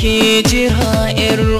ki jiha 'yar